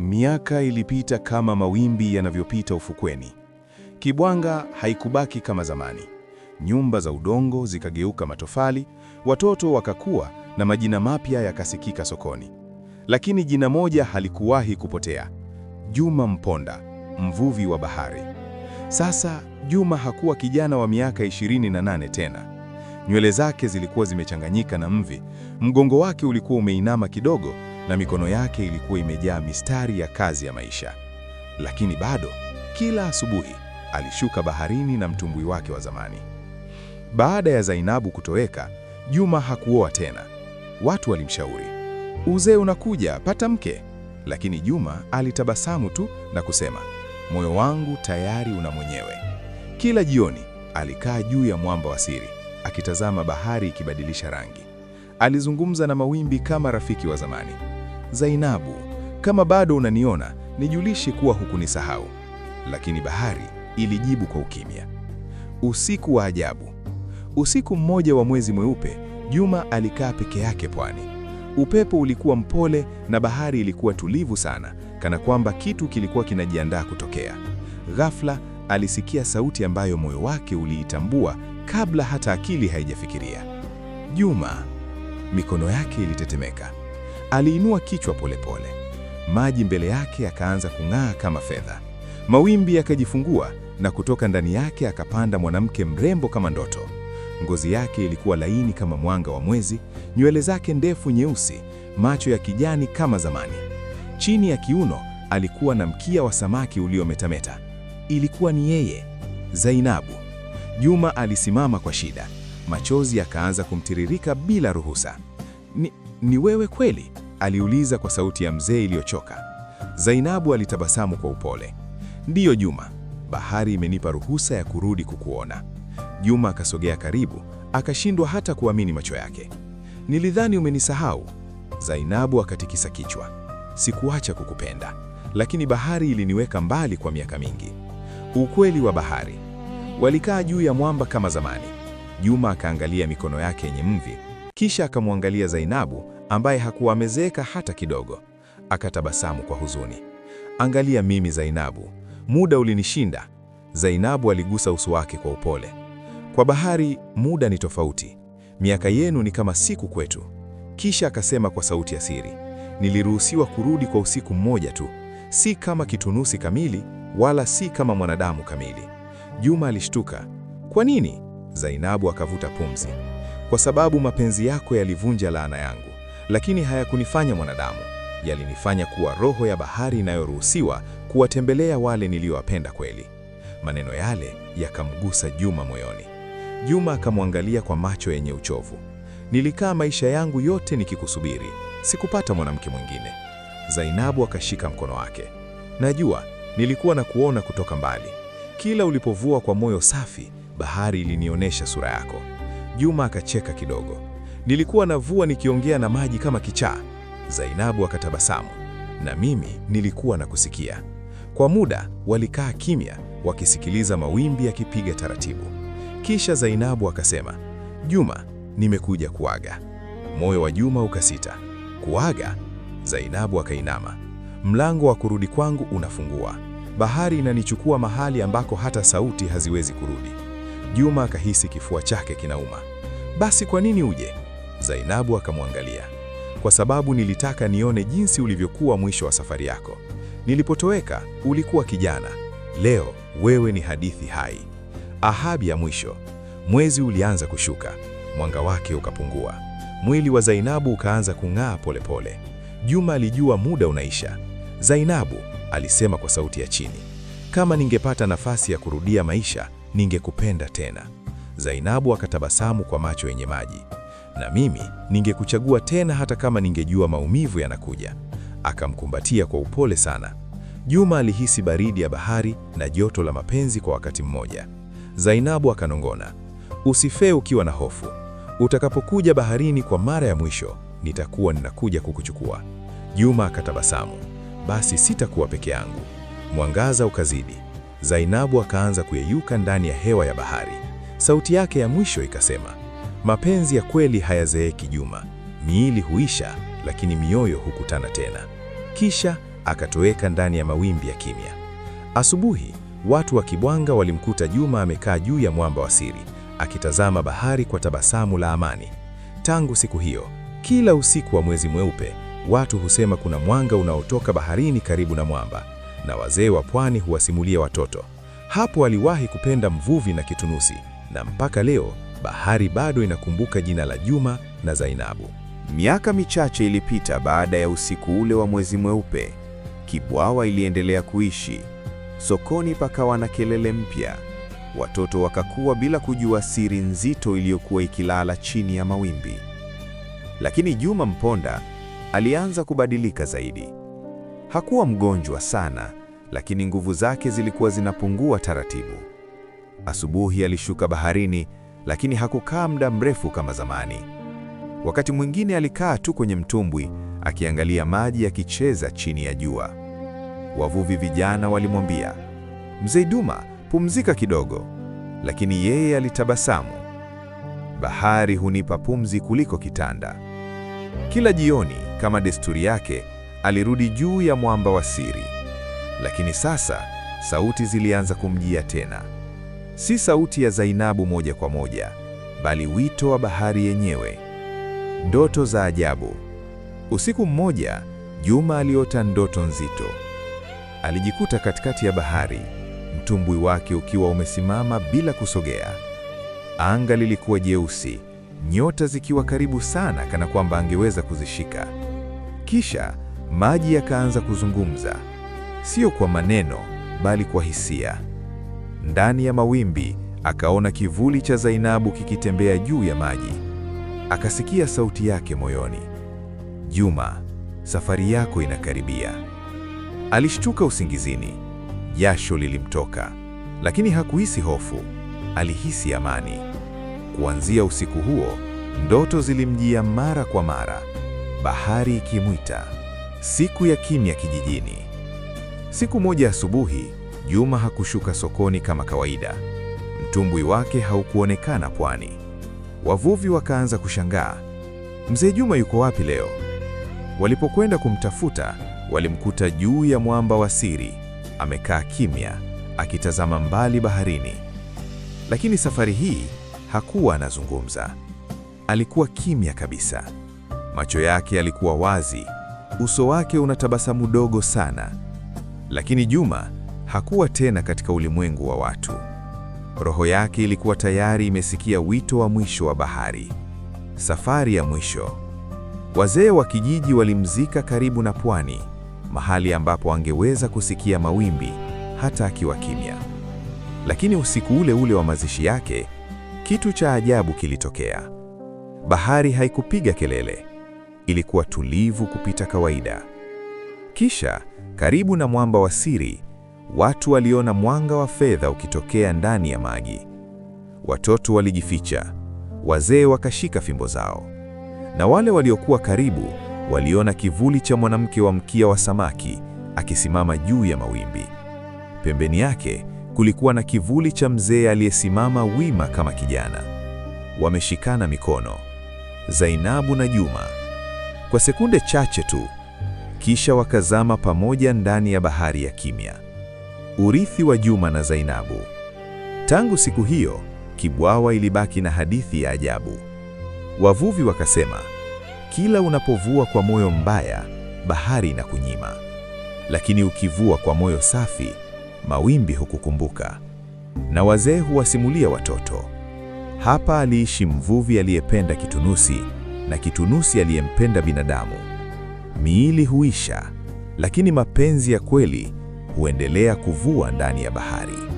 Miaka ilipita kama mawimbi yanavyopita ufukweni. Kibwanga haikubaki kama zamani. Nyumba za udongo zikageuka matofali, watoto wakakua na majina mapya yakasikika sokoni. Lakini jina moja halikuwahi kupotea. Juma Mponda, mvuvi wa bahari. Sasa Juma hakuwa kijana wa miaka 28 tena. Nywele zake zilikuwa zimechanganyika na mvi, mgongo wake ulikuwa umeinama kidogo na mikono yake ilikuwa imejaa mistari ya kazi ya maisha. Lakini bado kila asubuhi alishuka baharini na mtumbwi wake wa zamani. Baada ya Zainabu kutoweka, Juma hakuoa tena. Watu walimshauri, uzee unakuja, pata mke. Lakini Juma alitabasamu tu na kusema, moyo wangu tayari una mwenyewe. Kila jioni alikaa juu ya mwamba wa siri akitazama bahari ikibadilisha rangi. Alizungumza na mawimbi kama rafiki wa zamani. Zainabu, kama bado unaniona, nijulishe kuwa hukunisahau. Lakini bahari ilijibu kwa ukimya. Usiku wa ajabu. Usiku mmoja wa mwezi mweupe, Juma alikaa peke yake pwani. Upepo ulikuwa mpole na bahari ilikuwa tulivu sana, kana kwamba kitu kilikuwa kinajiandaa kutokea. Ghafla alisikia sauti ambayo moyo wake uliitambua kabla hata akili haijafikiria. Juma. Mikono yake ilitetemeka. Aliinua kichwa polepole pole. Maji mbele yake yakaanza kung'aa kama fedha, mawimbi yakajifungua, na kutoka ndani yake akapanda mwanamke mrembo kama ndoto. Ngozi yake ilikuwa laini kama mwanga wa mwezi, nywele zake ndefu nyeusi, macho ya kijani kama zamani. Chini ya kiuno alikuwa na mkia wa samaki uliometameta. Ilikuwa ni yeye, Zainabu. Juma alisimama kwa shida, machozi yakaanza kumtiririka bila ruhusa. Ni, ni wewe kweli? aliuliza kwa sauti ya mzee iliyochoka. Zainabu alitabasamu kwa upole. Ndiyo Juma, bahari imenipa ruhusa ya kurudi kukuona. Juma akasogea karibu, akashindwa hata kuamini macho yake. Nilidhani umenisahau. Zainabu akatikisa kichwa. Sikuacha kukupenda, lakini bahari iliniweka mbali kwa miaka mingi. Ukweli wa bahari. Walikaa juu ya mwamba kama zamani. Juma akaangalia mikono yake yenye mvi, kisha akamwangalia Zainabu ambaye hakuwa amezeeka hata kidogo. Akatabasamu kwa huzuni. Angalia mimi Zainabu, muda ulinishinda. Zainabu aligusa uso wake kwa upole. Kwa bahari muda ni tofauti, miaka yenu ni kama siku kwetu. Kisha akasema kwa sauti ya siri, niliruhusiwa kurudi kwa usiku mmoja tu, si kama kitunusi kamili wala si kama mwanadamu kamili. Juma alishtuka. Kwa nini? Zainabu akavuta pumzi. Kwa sababu mapenzi yako yalivunja laana yangu lakini hayakunifanya mwanadamu, yalinifanya kuwa roho ya bahari inayoruhusiwa kuwatembelea wale niliowapenda kweli. Maneno yale yakamgusa Juma moyoni. Juma akamwangalia kwa macho yenye uchovu. Nilikaa maisha yangu yote nikikusubiri, sikupata mwanamke mwingine. Zainabu akashika mkono wake. Najua nilikuwa na kuona kutoka mbali. Kila ulipovua kwa moyo safi, bahari ilinionyesha sura yako. Juma akacheka kidogo. Nilikuwa navua nikiongea na maji kama kichaa. Zainabu akatabasamu, na mimi nilikuwa na kusikia. Kwa muda walikaa kimya, wakisikiliza mawimbi yakipiga taratibu. Kisha Zainabu akasema, Juma, nimekuja kuaga. Moyo wa Juma ukasita. Kuaga? Zainabu akainama. Mlango wa kurudi kwangu unafungua. Bahari inanichukua mahali ambako hata sauti haziwezi kurudi. Juma akahisi kifua chake kinauma. Basi kwa nini uje? Zainabu akamwangalia. Kwa sababu nilitaka nione jinsi ulivyokuwa mwisho wa safari yako. Nilipotoweka ulikuwa kijana, leo wewe ni hadithi hai. ahabi ya mwisho. Mwezi ulianza kushuka, mwanga wake ukapungua, mwili wa Zainabu ukaanza kung'aa polepole. Juma alijua muda unaisha. Zainabu alisema kwa sauti ya chini, kama ningepata nafasi ya kurudia maisha, ningekupenda tena. Zainabu akatabasamu kwa macho yenye maji na mimi ningekuchagua tena hata kama ningejua maumivu yanakuja. Akamkumbatia kwa upole sana. Juma alihisi baridi ya bahari na joto la mapenzi kwa wakati mmoja. Zainabu akanongona, usifee ukiwa na hofu. Utakapokuja baharini kwa mara ya mwisho, nitakuwa ninakuja kukuchukua. Juma akatabasamu, basi sitakuwa peke yangu. Mwangaza ukazidi. Zainabu akaanza kuyeyuka ndani ya hewa ya bahari. Sauti yake ya mwisho ikasema, Mapenzi ya kweli hayazeeki, Juma. Miili huisha, lakini mioyo hukutana tena. Kisha akatoweka ndani ya mawimbi ya kimya. Asubuhi watu wa Kibwanga walimkuta Juma amekaa juu ya mwamba wa siri akitazama bahari kwa tabasamu la amani. Tangu siku hiyo, kila usiku wa mwezi mweupe watu husema kuna mwanga unaotoka baharini karibu na mwamba, na wazee wa pwani huwasimulia watoto. Hapo aliwahi kupenda mvuvi na kitunusi, na mpaka leo bahari bado inakumbuka jina la Juma na Zainabu. Miaka michache ilipita baada ya usiku ule wa mwezi mweupe. Kibwawa iliendelea kuishi. Sokoni pakawa na kelele mpya. Watoto wakakua bila kujua siri nzito iliyokuwa ikilala chini ya mawimbi. Lakini Juma Mponda alianza kubadilika zaidi. Hakuwa mgonjwa sana, lakini nguvu zake zilikuwa zinapungua taratibu. Asubuhi alishuka baharini lakini hakukaa muda mrefu kama zamani. Wakati mwingine alikaa tu kwenye mtumbwi akiangalia maji yakicheza chini ya jua. Wavuvi vijana walimwambia, Mzee Duma, pumzika kidogo, lakini yeye alitabasamu. Bahari hunipa pumzi kuliko kitanda. Kila jioni, kama desturi yake, alirudi juu ya mwamba wa siri, lakini sasa sauti zilianza kumjia tena. Si sauti ya Zainabu moja kwa moja, bali wito wa bahari yenyewe. Ndoto za ajabu. Usiku mmoja, Juma aliota ndoto nzito. Alijikuta katikati ya bahari, mtumbwi wake ukiwa umesimama bila kusogea. Anga lilikuwa jeusi, nyota zikiwa karibu sana, kana kwamba angeweza kuzishika. Kisha maji yakaanza kuzungumza, sio kwa maneno, bali kwa hisia ndani ya mawimbi, akaona kivuli cha Zainabu kikitembea juu ya maji. Akasikia sauti yake moyoni, Juma, safari yako inakaribia. Alishtuka usingizini, jasho lilimtoka, lakini hakuhisi hofu, alihisi amani. Kuanzia usiku huo, ndoto zilimjia mara kwa mara, bahari ikimwita, siku ya kimya kijijini. Siku moja asubuhi Juma hakushuka sokoni kama kawaida. Mtumbwi wake haukuonekana pwani. Wavuvi wakaanza kushangaa, mzee Juma yuko wapi leo? Walipokwenda kumtafuta, walimkuta juu ya mwamba wa siri, amekaa kimya, akitazama mbali baharini. Lakini safari hii hakuwa anazungumza. Alikuwa kimya kabisa. Macho yake yalikuwa wazi, uso wake una tabasamu dogo sana. Lakini Juma hakuwa tena katika ulimwengu wa watu. Roho yake ilikuwa tayari imesikia wito wa mwisho wa bahari, safari ya mwisho. Wazee wa kijiji walimzika karibu na pwani, mahali ambapo angeweza kusikia mawimbi hata akiwa kimya. Lakini usiku ule ule wa mazishi yake, kitu cha ajabu kilitokea. Bahari haikupiga kelele, ilikuwa tulivu kupita kawaida. Kisha karibu na mwamba wa siri watu waliona mwanga wa fedha ukitokea ndani ya maji. Watoto walijificha, wazee wakashika fimbo zao, na wale waliokuwa karibu waliona kivuli cha mwanamke wa mkia wa samaki akisimama juu ya mawimbi. Pembeni yake kulikuwa na kivuli cha mzee aliyesimama wima kama kijana. Wameshikana mikono, Zainabu na Juma, kwa sekunde chache tu, kisha wakazama pamoja ndani ya bahari ya kimya. Urithi wa Juma na Zainabu. Tangu siku hiyo, Kibwawa ilibaki na hadithi ya ajabu. Wavuvi wakasema, kila unapovua kwa moyo mbaya, bahari inakunyima. Lakini ukivua kwa moyo safi, mawimbi hukukumbuka. Na wazee huwasimulia watoto. Hapa aliishi mvuvi aliyependa kitunusi na kitunusi aliyempenda binadamu. Miili huisha, lakini mapenzi ya kweli huendelea kuvua ndani ya bahari.